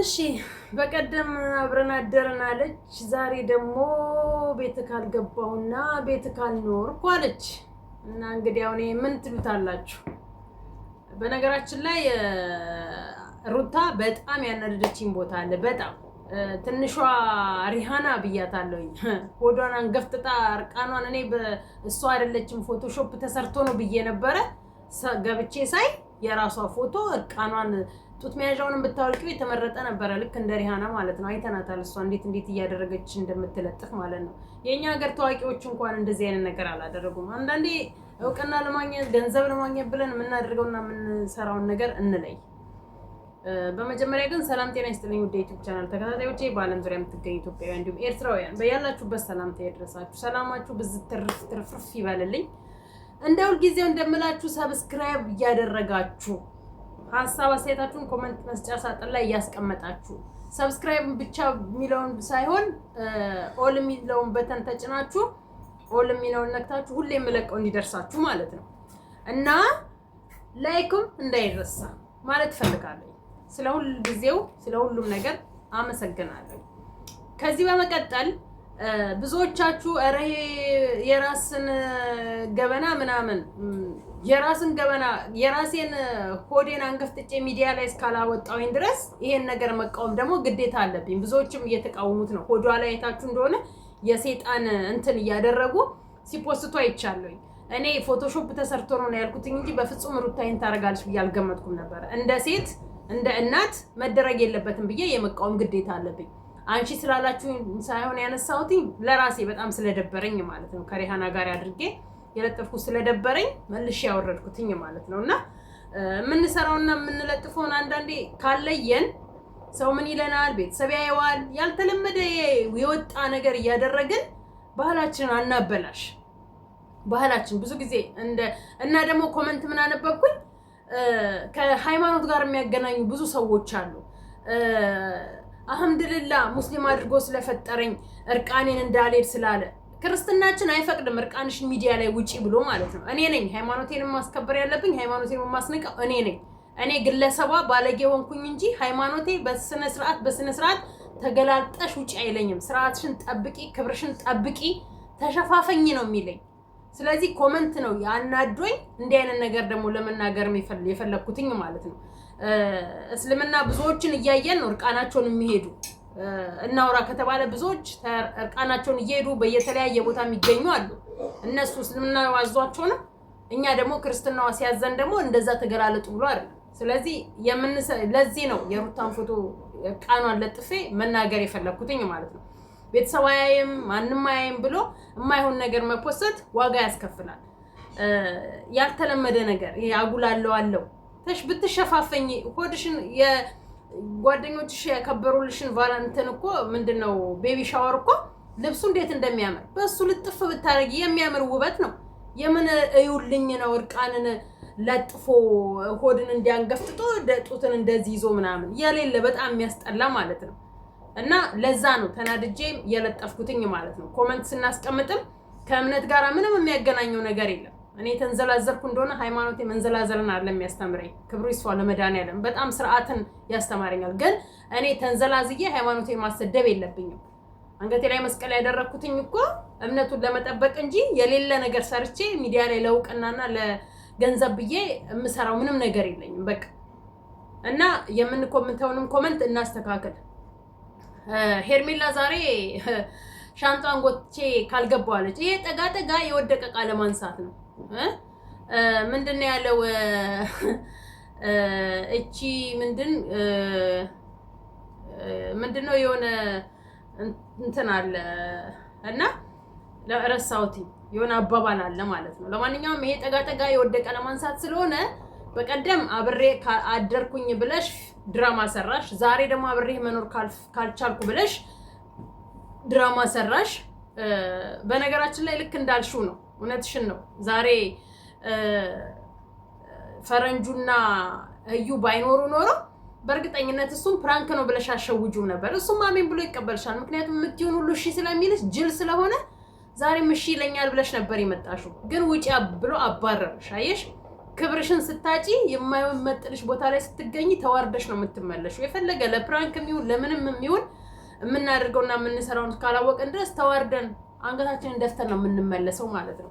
እሺ በቀደም አብረን አደርን አለች። ዛሬ ደግሞ ቤት ካልገባሁና ቤት ካልኖርኩ አለች እና እንግዲህ አሁን ምን ትሉታላችሁ? በነገራችን ላይ ሩታ በጣም ያናደደችኝ ቦታ አለ። በጣም ትንሿ ሪሃና ብያታለሁኝ። ሆዷን አንገፍጥጣ እርቃኗን እኔ እሷ አይደለችም ፎቶሾፕ ተሰርቶ ነው ብዬ ነበረ። ገብቼ ሳይ የራሷ ፎቶ እርቃኗን ጡት መያዣውን ብታወልቂው የተመረጠ ነበረ። ልክ እንደ ሪሃና ማለት ነው። አይተናታል እሷ እንዴት እንዴት እያደረገች እንደምትለጥፍ ማለት ነው። የእኛ ሀገር ታዋቂዎች እንኳን እንደዚህ አይነት ነገር አላደረጉም። አንዳንዴ እውቅና ለማግኘት ገንዘብ ለማግኘት ብለን የምናደርገውና የምንሰራውን ነገር እንለይ። በመጀመሪያ ግን ሰላም ጤና ይስጥልኝ ውድ ዩቲዩብ ቻናል ተከታታዮቼ፣ በዓለም ዙሪያ የምትገኙ ኢትዮጵያውያን እንዲሁም ኤርትራውያን በያላችሁበት ሰላምታ ይድረሳችሁ። ሰላማችሁ ብዝ ትርፍ ትርፍርፍ ይበልልኝ። እንደ ሁልጊዜው እንደምላችሁ ሰብስክራይብ እያደረጋችሁ ሀሳብ አስተያየታችሁን ኮመንት መስጫ ሳጥን ላይ እያስቀመጣችሁ ሰብስክራይብ ብቻ የሚለውን ሳይሆን ኦል የሚለውን በተን ተጭናችሁ ኦል የሚለውን ነክታችሁ ሁሌ የምለቀው እንዲደርሳችሁ ማለት ነው እና ላይኩም እንዳይረሳ ማለት እፈልጋለሁ። ስለ ሁል ጊዜው ስለ ሁሉም ነገር አመሰግናለሁ። ከዚህ በመቀጠል ብዙዎቻችሁ ኧረ የራስን ገበና ምናምን የራስን ገበና የራሴን ሆዴን አንገፍጥጬ ሚዲያ ላይ እስካላወጣውኝ ድረስ ይሄን ነገር መቃወም ደግሞ ግዴታ አለብኝ። ብዙዎችም እየተቃወሙት ነው። ሆዷ ላይ የታችሁ እንደሆነ የሴጣን እንትን እያደረጉ ሲፖስቱ አይቻለኝ። እኔ ፎቶሾፕ ተሰርቶ ነው ያልኩትኝ እንጂ በፍጹም ሩታይን ታደርጋለች ብዬ አልገመጥኩም ነበር። እንደ ሴት እንደ እናት መደረግ የለበትም ብዬ የመቃወም ግዴታ አለብኝ። አንቺ ስላላችሁ ሳይሆን ያነሳሁትኝ ለራሴ በጣም ስለደበረኝ ማለት ነው ከሪሃና ጋር አድርጌ የለጠፍኩ ስለደበረኝ መልሼ ያወረድኩትኝ ማለት ነው። እና የምንሰራውና የምንለጥፈውን አንዳንዴ ካለየን ሰው ምን ይለናል፣ ቤተሰብ ያየዋል። ያልተለመደ የወጣ ነገር እያደረግን ባህላችንን አናበላሽ። ባህላችን ብዙ ጊዜ እንደ እና ደግሞ ኮመንት ምን አነበብኩኝ፣ ከሃይማኖት ጋር የሚያገናኙ ብዙ ሰዎች አሉ። አህምድልላ ሙስሊም አድርጎ ስለፈጠረኝ እርቃኔን እንዳልሄድ ስላለ ክርስትናችን አይፈቅድም እርቃንሽ ሚዲያ ላይ ውጪ ብሎ ማለት ነው። እኔ ነኝ ሃይማኖቴንም ማስከበር ያለብኝ፣ ሃይማኖቴን ማስነቀው እኔ ነኝ። እኔ ግለሰቧ ባለጌ ሆንኩኝ እንጂ ሃይማኖቴ በስነ ስርዓት በስነ ስርዓት ተገላልጠሽ ውጪ አይለኝም። ስርዓትሽን ጠብቂ፣ ክብርሽን ጠብቂ፣ ተሸፋፈኝ ነው የሚለኝ። ስለዚህ ኮመንት ነው ያናዶኝ። እንዲህ አይነት ነገር ደግሞ ለመናገር የፈለግኩትኝ ማለት ነው። እስልምና ብዙዎችን እያየን ነው እርቃናቸውን የሚሄዱ እናውራ ከተባለ ብዙዎች እርቃናቸውን እየሄዱ በየተለያየ ቦታ የሚገኙ አሉ። እነሱ እስልምና አዟቸው ነው። እኛ ደግሞ ክርስትናዋ ሲያዘን ደግሞ እንደዛ ተገላለጡ ብሎ አይደለም። ስለዚህ ለዚህ ነው የሩታን ፎቶ እርቃኗን ለጥፌ መናገር የፈለግኩትኝ ማለት ነው። ቤተሰብ አያይም ማንም አያይም ብሎ የማይሆን ነገር መኮሰት ዋጋ ያስከፍላል። ያልተለመደ ነገር ተሽ ብትሸፋፈኝ ሆድሽን ጓደኞችሽ ያከበሩልሽን ቫላንትን እኮ ምንድን ነው ቤቢ ሻወር እኮ ልብሱ እንዴት እንደሚያምር በእሱ ልጥፍ ብታደርጊ የሚያምር ውበት ነው። የምን እዩልኝ ነው እርቃንን ለጥፎ ሆድን እንዲያንገፍጥጦ ጡትን እንደዚህ ይዞ ምናምን የሌለ በጣም የሚያስጠላ ማለት ነው። እና ለዛ ነው ተናድጄ የለጠፍኩትኝ ማለት ነው። ኮመንት ስናስቀምጥም ከእምነት ጋር ምንም የሚያገናኘው ነገር የለም። እኔ የተንዘላዘልኩ እንደሆነ ሃይማኖት መንዘላዘልን አይደለም የሚያስተምረኝ፣ ክብሩ ይስፋ ለመድኃኒዓለም በጣም ስርዓትን ያስተማረኛል። ግን እኔ ተንዘላዝዬ ሃይማኖት ማሰደብ የለብኝም። አንገቴ ላይ መስቀል ያደረግኩትኝ እኮ እምነቱን ለመጠበቅ እንጂ የሌለ ነገር ሰርቼ ሚዲያ ላይ ለእውቅናና ለገንዘብ ብዬ የምሰራው ምንም ነገር የለኝም። በቃ እና የምንኮምንተውንም ኮመንት እናስተካክል። ሄርሜላ ዛሬ ሻንጣን ጎትቼ ካልገባዋለች። ይሄ ጠጋ ጠጋ የወደቀ ቃለማንሳት ነው። ምንድን ነው ያለው? እቺ ምንድን ምንድን ነው የሆነ እንትን አለ እና ረሳሁትኝ የሆነ አባባል አለ ማለት ነው። ለማንኛውም ይሄ ጠጋጠጋ የወደቀ ለማንሳት ስለሆነ በቀደም አብሬ አደርኩኝ ብለሽ ድራማ ሰራሽ። ዛሬ ደግሞ አብሬ መኖር ካልቻልኩ ብለሽ ድራማ ሰራሽ። በነገራችን ላይ ልክ እንዳልሽው ነው እውነትሽን ነው። ዛሬ ፈረንጁና እዩ ባይኖሩ ኖሮ በእርግጠኝነት እሱም ፕራንክ ነው ብለሽ አሸውጁው ነበር። እሱም አሜን ብሎ ይቀበልሻል። ምክንያቱም የምትሆን ሁሉ እሺ ስለሚልሽ ጅል ስለሆነ ዛሬም እሺ ይለኛል ብለሽ ነበር የመጣሽው፣ ግን ውጪ ብሎ አባረርሽ። አየሽ፣ ክብርሽን ስታጪ የማይመጥንሽ ቦታ ላይ ስትገኝ ተዋርደሽ ነው የምትመለሹ። የፈለገ ለፕራንክ የሚሆን ለምንም የሚሆን የምናደርገውና የምንሰራውን ካላወቅን ድረስ ተዋርደን አንገታችንን ደፍተን ነው የምንመለሰው ማለት ነው።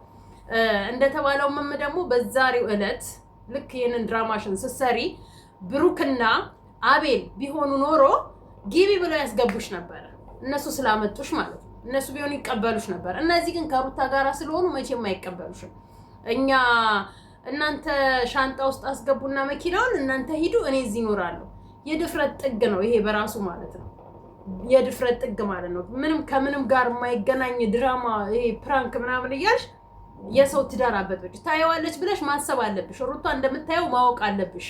እንደተባለው መም ደግሞ በዛሬው ዕለት ልክ ይህንን ድራማሽን ስትሰሪ ብሩክና አቤል ቢሆኑ ኖሮ ጊቢ ብለው ያስገቡሽ ነበረ፣ እነሱ ስላመጡሽ ማለት ነው። እነሱ ቢሆኑ ይቀበሉሽ ነበር። እነዚህ ግን ከሩታ ጋር ስለሆኑ መቼም አይቀበሉሽም። እኛ እናንተ ሻንጣ ውስጥ አስገቡና መኪናውን እናንተ ሂዱ፣ እኔ እዚህ ይኖራለሁ። የድፍረት ጥግ ነው ይሄ በራሱ ማለት ነው። የድፍረት ጥግ ማለት ነው። ምንም ከምንም ጋር የማይገናኝ ድራማ፣ ይሄ ፕራንክ ምናምን እያልሽ የሰው ትዳር አበጥብጭ ታየዋለች ብለሽ ማሰብ አለብሽ። ሩታ እንደምታየው ማወቅ አለብሽ።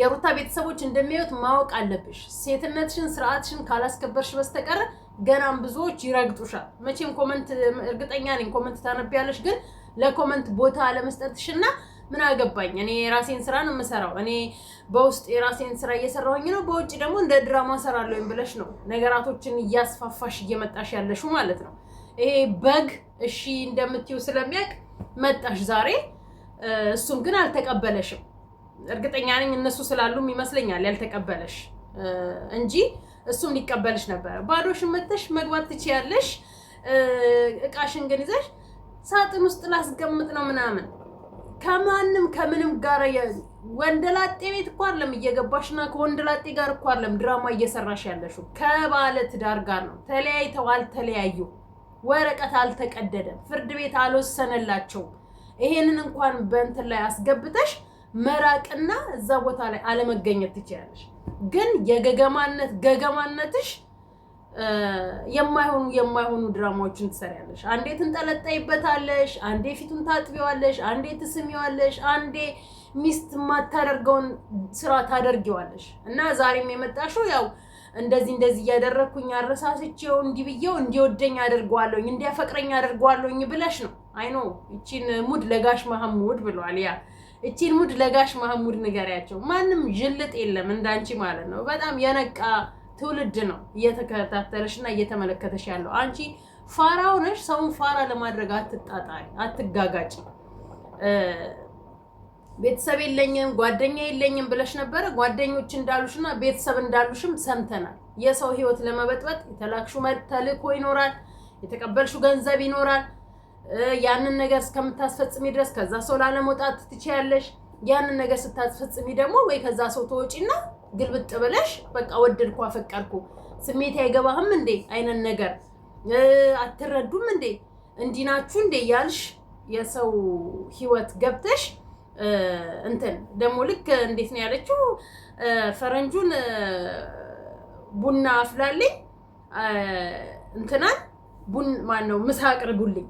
የሩታ ቤተሰቦች እንደሚያዩት ማወቅ አለብሽ። ሴትነትሽን፣ ስርዓትሽን ካላስከበርሽ በስተቀር ገናም ብዙዎች ይረግጡሻል። መቼም ኮመንት እርግጠኛ ነኝ ኮመንት ታነቢያለሽ፣ ግን ለኮመንት ቦታ አለመስጠትሽ እና ምን አገባኝ? እኔ የራሴን ስራ ነው የምሰራው። እኔ በውስጥ የራሴን ስራ እየሰራሁኝ ነው፣ በውጭ ደግሞ እንደ ድራማ ሰራለሁኝ ብለሽ ነው ነገራቶችን እያስፋፋሽ እየመጣሽ ያለሹ ማለት ነው። ይሄ በግ እሺ እንደምትይው ስለሚያውቅ መጣሽ ዛሬ። እሱን ግን አልተቀበለሽም። እርግጠኛ ነኝ እነሱ ስላሉም ይመስለኛል ያልተቀበለሽ እንጂ እሱም ሊቀበልሽ ነበረ። ባዶሽን መተሽ መግባት ትችያለሽ። እቃሽን ግን ይዘሽ ሳጥን ውስጥ ላስቀምጥ ነው ምናምን ከማንም ከምንም ጋር ወንደላጤ ቤት እኮ እየገባሽና ከወንደላጤ ጋር እኮ ድራማ እየሰራሽ ያለሽው ከባለ ትዳር ጋር ነው። ተለያይተው አልተለያዩ፣ ወረቀት አልተቀደደም፣ ፍርድ ቤት አልወሰነላቸው። ይሄንን እንኳን በእንትን ላይ አስገብተሽ መራቅና እዛ ቦታ ላይ አለመገኘት ትችላለሽ። ግን የገገማነት ገገማነትሽ የማይሆኑ የማይሆኑ ድራማዎችን ትሰሪያለሽ። አንዴ ትንጠለጠይበታለሽ፣ አንዴ ፊቱን ታጥቢዋለሽ፣ አንዴ ትስሚዋለሽ፣ አንዴ ሚስት የማታደርገውን ስራ ታደርጊዋለሽ። እና ዛሬም የመጣሽው ያው እንደዚህ እንደዚህ እያደረግኩኝ አረሳስቼው እንዲህ ብዬው እንዲወደኝ አደርገዋለሁኝ እንዲያፈቅረኝ አደርገዋለሁኝ ብለሽ ነው። አይኖ እቺን ሙድ ለጋሽ መሐሙድ ብሏል። ያ እቺን ሙድ ለጋሽ መሐሙድ ንገሪያቸው። ማንም ዥልጥ የለም እንዳንቺ ማለት ነው። በጣም የነቃ ትውልድ ነው እየተከታተለሽ እና እየተመለከተሽ ያለው። አንቺ ፋራ ሆነሽ ሰውን ፋራ ለማድረግ አትጣጣሪ፣ አትጋጋጭ። ቤተሰብ የለኝም ጓደኛ የለኝም ብለሽ ነበረ። ጓደኞች እንዳሉሽና ቤተሰብ እንዳሉሽም ሰምተናል። የሰው ህይወት ለመበጥበጥ የተላክሹ ተልእኮ ይኖራል፣ የተቀበልሹ ገንዘብ ይኖራል። ያንን ነገር እስከምታስፈጽሚ ድረስ ከዛ ሰው ላለመውጣት ትችያለሽ። ያንን ነገር ስታስፈጽሚ ደግሞ ወይ ከዛ ሰው ተወጪና ግልብጥ ብለሽ በቃ ወደድኩ፣ አፈቀርኩ፣ ስሜት አይገባህም እንዴ አይነት ነገር አትረዱም እንዴ እንዲህ እንዴ ያልሽ የሰው ህይወት ገብተሽ እንትን ደግሞ ልክ እንዴት ነው ያለችው ፈረንጁን ቡና አፍላልኝ እንትናን ቡን ማን ነው ምሳ አቅርቡልኝ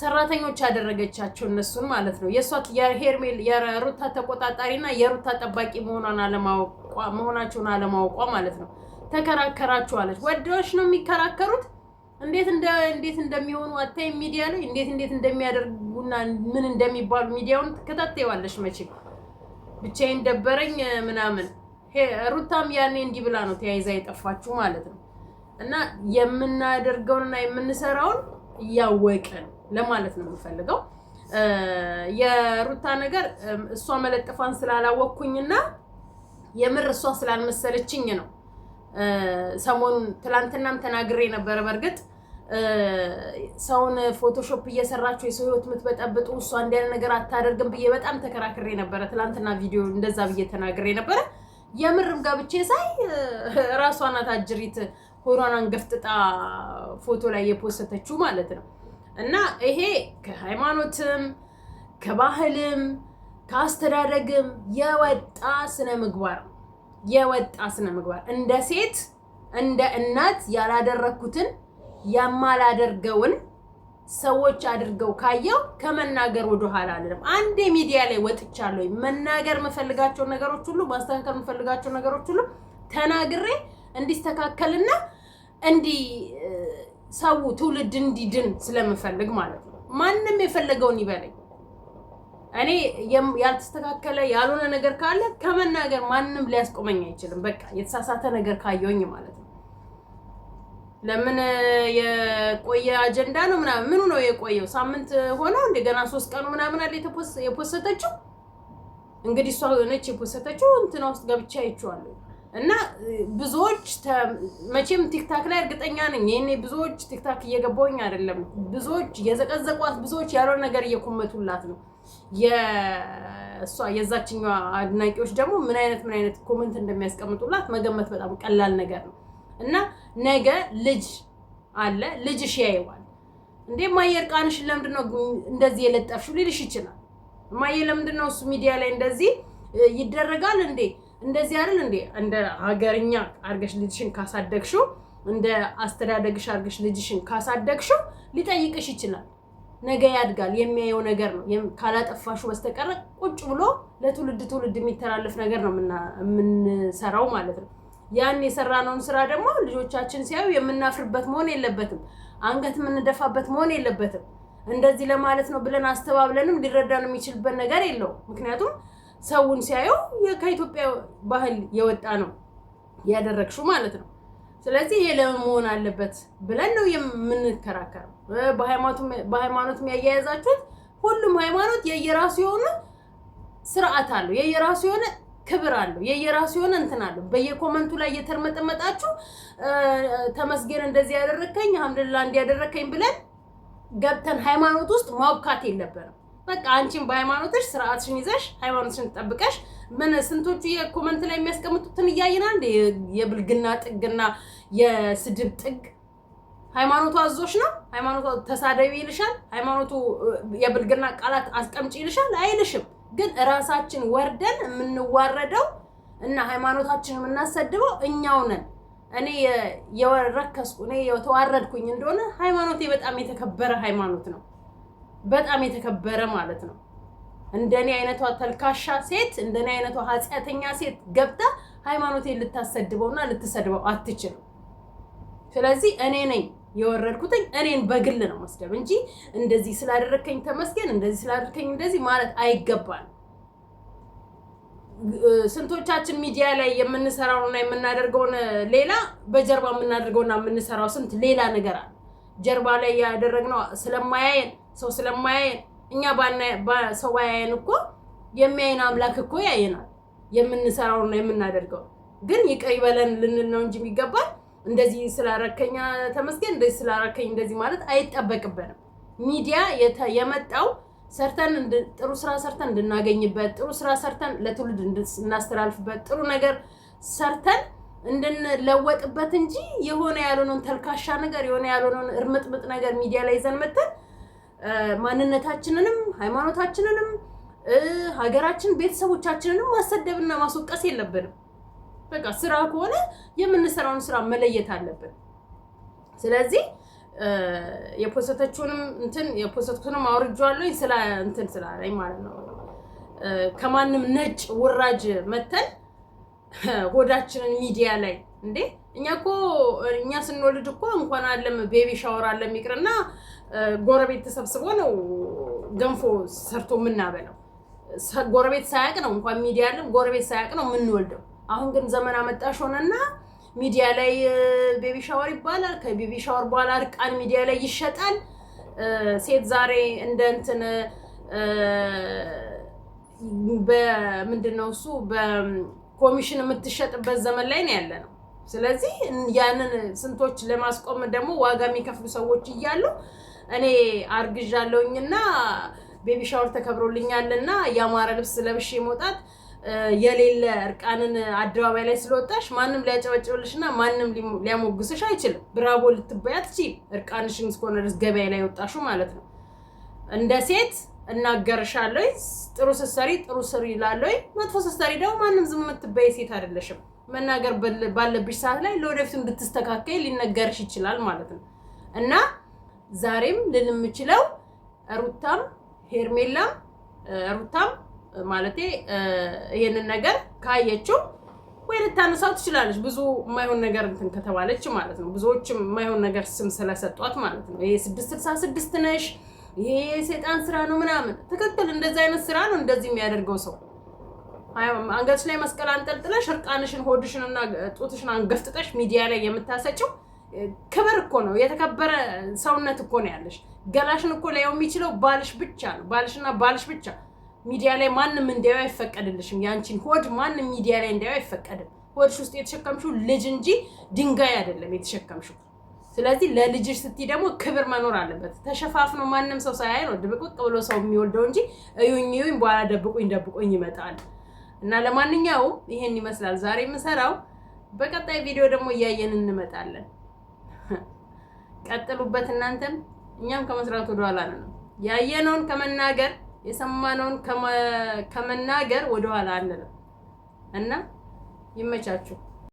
ሰራተኞች ያደረገቻቸው እነሱን ማለት ነው። የእሷት የሄርሜል የሩታ ተቆጣጣሪና የሩታ ጠባቂ መሆኗን አለማወቅ መሆናቸውን አለማወቋ ማለት ነው። ተከራከራችኋለች። አለች። ወደዎች ነው የሚከራከሩት። እንዴት እንዴት እንደሚሆኑ አታይ ሚዲያ ላይ እንዴት እንዴት እንደሚያደርጉና ምን እንደሚባሉ ሚዲያውን ትከታተይዋለሽ። መቼ ብቻዬን ደበረኝ ምናምን። ሩታም ያኔ እንዲህ ብላ ነው ተያይዛ የጠፋችሁ ማለት ነው። እና የምናደርገውንና የምንሰራውን እያወቅን ለማለት ነው የምፈልገው። የሩታ ነገር እሷ መለጠፋን ስላላወቅኩኝና የምር እሷ ስላልመሰለችኝ ነው። ሰሞኑን ትላንትናም ተናግሬ ነበረ። በእርግጥ ሰውን ፎቶሾፕ እየሰራችሁ የሰው ህይወት የምትበጠብጡ እሷ እንዲያለ ነገር አታደርግም ብዬ በጣም ተከራክሬ ነበረ። ትላንትና ቪዲዮ እንደዛ ብዬ ተናግሬ ነበረ። የምርም ጋብቼ ሳይ ራሷን አጅሪት ሆሯን ገፍጥጣ ፎቶ ላይ የፖሰተችው ማለት ነው። እና ይሄ ከሃይማኖትም ከባህልም ከአስተዳደግም የወጣ ስነ ምግባር የወጣ ስነ ምግባር እንደ ሴት እንደ እናት ያላደረግኩትን የማላደርገውን ሰዎች አድርገው ካየው ከመናገር ወደ ኋላ አለም። አንዴ ሚዲያ ላይ ወጥቻለሁ። መናገር የምፈልጋቸው ነገሮች ሁሉ ማስተካከል የምፈልጋቸው ነገሮች ሁሉ ተናግሬ እንዲስተካከልና እንዲ ሰው ትውልድ እንዲድን ስለምፈልግ ማለት ነው። ማንም የፈለገውን ይበለኝ። እኔ ያልተስተካከለ ያልሆነ ነገር ካለ ከመናገር ማንም ሊያስቆመኝ አይችልም። በቃ የተሳሳተ ነገር ካየውኝ ማለት ነው። ለምን የቆየ አጀንዳ ነው ምናምን ምኑ ነው የቆየው? ሳምንት ሆነው እንደገና ሶስት ቀኑ ምናምን አለ የፖሰተችው። እንግዲህ እሷ ነች የፖሰተችው። እንትና ውስጥ ገብቼ አይቼዋለሁ። እና ብዙዎች መቼም ቲክታክ ላይ እርግጠኛ ነኝ ይህኔ ብዙዎች ቲክታክ እየገባውኝ አይደለም። ብዙዎች የዘቀዘቋት፣ ብዙዎች ያልሆነ ነገር እየኮመቱላት ነው የእሷ የዛችኛዋ አድናቂዎች ደግሞ ምን አይነት ምን አይነት ኮመንት እንደሚያስቀምጡላት መገመት በጣም ቀላል ነገር ነው እና ነገ ልጅ አለ ልጅሽ ያየዋል። እንዴ ማየር ቃንሽን ለምንድን ነው እንደዚህ የለጠፍሽው ሊልሽ ይችላል። ማየ ለምንድነው ነው እሱ ሚዲያ ላይ እንደዚህ ይደረጋል እንዴ እንደዚህ አይደል እንዴ እንደ ሀገርኛ አርገሽ ልጅሽን ካሳደግሽው እንደ አስተዳደግሽ አርገሽ ልጅሽን ካሳደግሽው ሊጠይቅሽ ይችላል። ነገ ያድጋል የሚያየው ነገር ነው። ካላጠፋሹ በስተቀረ ቁጭ ብሎ ለትውልድ ትውልድ የሚተላለፍ ነገር ነው የምንሰራው ማለት ነው። ያን የሰራነውን ስራ ደግሞ ልጆቻችን ሲያዩ የምናፍርበት መሆን የለበትም። አንገት የምንደፋበት መሆን የለበትም። እንደዚህ ለማለት ነው ብለን አስተባብለንም ሊረዳን የሚችልበት ነገር የለው ምክንያቱም ሰውን ሲያየው ከኢትዮጵያ ባህል የወጣ ነው ያደረግሹ ማለት ነው። ስለዚህ ይሄ ለምን መሆን አለበት ብለን ነው የምንከራከረው። በሃይማኖት የሚያያያዛችሁት ሁሉም ሃይማኖት የየራሱ የሆነ ስርዓት አለው፣ የየራሱ የሆነ ክብር አለው፣ የየራሱ የሆነ እንትን አለው። በየኮመንቱ ላይ እየተርመጠመጣችሁ ተመስገን እንደዚህ ያደረከኝ አልሐምዱሊላህ እንዲያደረከኝ ብለን ገብተን ሃይማኖት ውስጥ ማውካት የለብንም። በቃ አንቺን በሃይማኖትሽ ስርዓትሽን ይዘሽ ሃይማኖትሽን ጠብቀሽ ምን ስንቶቹ የኮመንት ላይ የሚያስቀምጡትን እያየናል የብልግና ጥግና የስድብ ጥግ ሃይማኖቱ አዞሽ ነው። ሃይማኖቱ ተሳደቢ ይልሻል። ሃይማኖቱ የብልግና ቃላት አስቀምጪ ይልሻል። አይልሽም። ግን እራሳችን ወርደን የምንዋረደው እና ሃይማኖታችን የምናሰድበው እኛው ነን። እኔ የረከስኩ እኔ የተዋረድኩኝ እንደሆነ ሃይማኖቴ በጣም የተከበረ ሃይማኖት ነው። በጣም የተከበረ ማለት ነው። እንደኔ አይነቷ ተልካሻ ሴት፣ እንደኔ አይነቷ ኃጢአተኛ ሴት ገብታ ሃይማኖቴን ልታሰድበውና ልትሰድበው አትችልም። ስለዚህ እኔ ነኝ የወረድኩትኝ እኔን በግል ነው መስደብ እንጂ እንደዚህ ስላደረከኝ ተመስገን፣ እንደዚህ ስላደረከኝ እንደዚህ ማለት አይገባል። ስንቶቻችን ሚዲያ ላይ የምንሰራውና የምናደርገውን ሌላ በጀርባ የምናደርገውና የምንሰራው ስንት ሌላ ነገር አለ። ጀርባ ላይ ያደረግነው ስለማያየን ሰው ስለማያየን እኛ ሰው ባያየን እኮ የሚያይን አምላክ እኮ ያየናል። የምንሰራውና የምናደርገው ግን ይቅር ይበለን ልንል ነው እንጂ የሚገባል እንደዚህ ስላረከኛ ተመስገን እንደዚህ ስላረከኝ እንደዚህ ማለት አይጠበቅብንም። ሚዲያ የመጣው ሰርተን ጥሩ ስራ ሰርተን እንድናገኝበት፣ ጥሩ ስራ ሰርተን ለትውልድ እናስተላልፍበት፣ ጥሩ ነገር ሰርተን እንድንለወጥበት እንጂ የሆነ ያልሆነውን ተልካሻ ነገር የሆነ ያልሆነውን እርምጥምጥ ነገር ሚዲያ ላይ ይዘን መተን ማንነታችንንም ሃይማኖታችንንም ሀገራችን ቤተሰቦቻችንንም ማሰደብና ማስወቀስ የለብንም። በቃ ስራ ከሆነ የምንሰራውን ስራ መለየት አለብን። ስለዚህ የፖሰተችውንም እንትን የፖሰትኩንም አውርጄዋለሁ ስለ እንትን ስላለኝ ማለት ነው። ከማንም ነጭ ውራጅ መተን ሆዳችንን ሚዲያ ላይ እንዴ እኛ እኮ እኛ ስንወልድ እኮ እንኳን አለም ቤቢ ሻወር አለ ይቅርና ጎረቤት ተሰብስቦ ነው ገንፎ ሰርቶ የምናበላው። ጎረቤት ሳያቅ ነው እንኳን ሚዲያ አለም ጎረቤት ሳያቅ ነው የምንወልደው። አሁን ግን ዘመን አመጣሽ ሆነና ሚዲያ ላይ ቤቢ ሻወር ይባላል። ከቤቢ ሻወር በኋላ እርቃን ሚዲያ ላይ ይሸጣል። ሴት ዛሬ እንደ እንትን በምንድን ነው እሱ በኮሚሽን የምትሸጥበት ዘመን ላይ ነው ያለ ነው። ስለዚህ ያንን ስንቶች ለማስቆም ደግሞ ዋጋ የሚከፍሉ ሰዎች እያሉ እኔ አርግዣለሁኝና ቤቢ ሻወር ተከብሮልኛልና ያማረ ልብስ ለብሼ መውጣት የሌለ እርቃንን አደባባይ ላይ ስለወጣሽ ማንም ሊያጨበጭብልሽና ማንም ሊያሞግስሽ አይችልም። ብራቦ ልትበያት ቺ እርቃንሽን እስከሆነ ድረስ ገበያ ላይ ወጣሹ ማለት ነው። እንደ ሴት እናገርሻለሁ። ጥሩ ስትሰሪ ጥሩ ስሪ እላለሁ። መጥፎ ስትሰሪ ደግሞ ማንም ዝም የምትበይ ሴት አይደለሽም። መናገር ባለብሽ ሰዓት ላይ ለወደፊቱ እንድትስተካከይ ሊነገርሽ ይችላል ማለት ነው እና ዛሬም ልል የምችለው ሩታም ሄርሜላም ሩታም ማለቴ ይሄንን ነገር ካየችው ወይ ልታነሳው ትችላለች። ብዙ የማይሆን ነገር እንትን ከተባለች ማለት ነው። ብዙዎችም የማይሆን ነገር ስም ስለሰጧት ማለት ነው። ይሄ ስድስት ስልሳ ስድስት ነሽ፣ ይሄ ሰይጣን ስራ ነው ምናምን። ትክክል፣ እንደዚህ አይነት ስራ ነው እንደዚህ የሚያደርገው ሰው። አንገትሽ ላይ መስቀል አንጠልጥለሽ እርቃንሽን፣ ሆድሽንና ጡትሽን አንገፍጥጠሽ ሚዲያ ላይ የምታሰጭው ክብር እኮ ነው። የተከበረ ሰውነት እኮ ነው ያለሽ። ገላሽን እኮ ላየው የሚችለው ባልሽ ብቻ ነው። ባልሽና ባልሽ ብቻ ሚዲያ ላይ ማንም እንዲያዩ አይፈቀድልሽም። ያንቺን ሆድ ማንም ሚዲያ ላይ እንዲያዩ አይፈቀድም። ሆድሽ ውስጥ የተሸከምሽው ልጅ እንጂ ድንጋይ አይደለም የተሸከምሽው። ስለዚህ ለልጅሽ ስትይ ደግሞ ክብር መኖር አለበት። ተሸፋፍኖ ማንም ሰው ሳያይ ነው ድብቅቅ ብሎ ሰው የሚወልደው እንጂ እዩኝ እዩኝ በኋላ ደብቁኝ ደብቁኝ ይመጣል። እና ለማንኛውም ይሄን ይመስላል ዛሬ የምሰራው። በቀጣይ ቪዲዮ ደግሞ እያየን እንመጣለን። ቀጥሉበት እናንተም። እኛም ከመስራት ወደኋላ ነው ያየነውን ከመናገር የሰማነውን ከመናገር ወደኋላ አንልም እና ይመቻችሁ።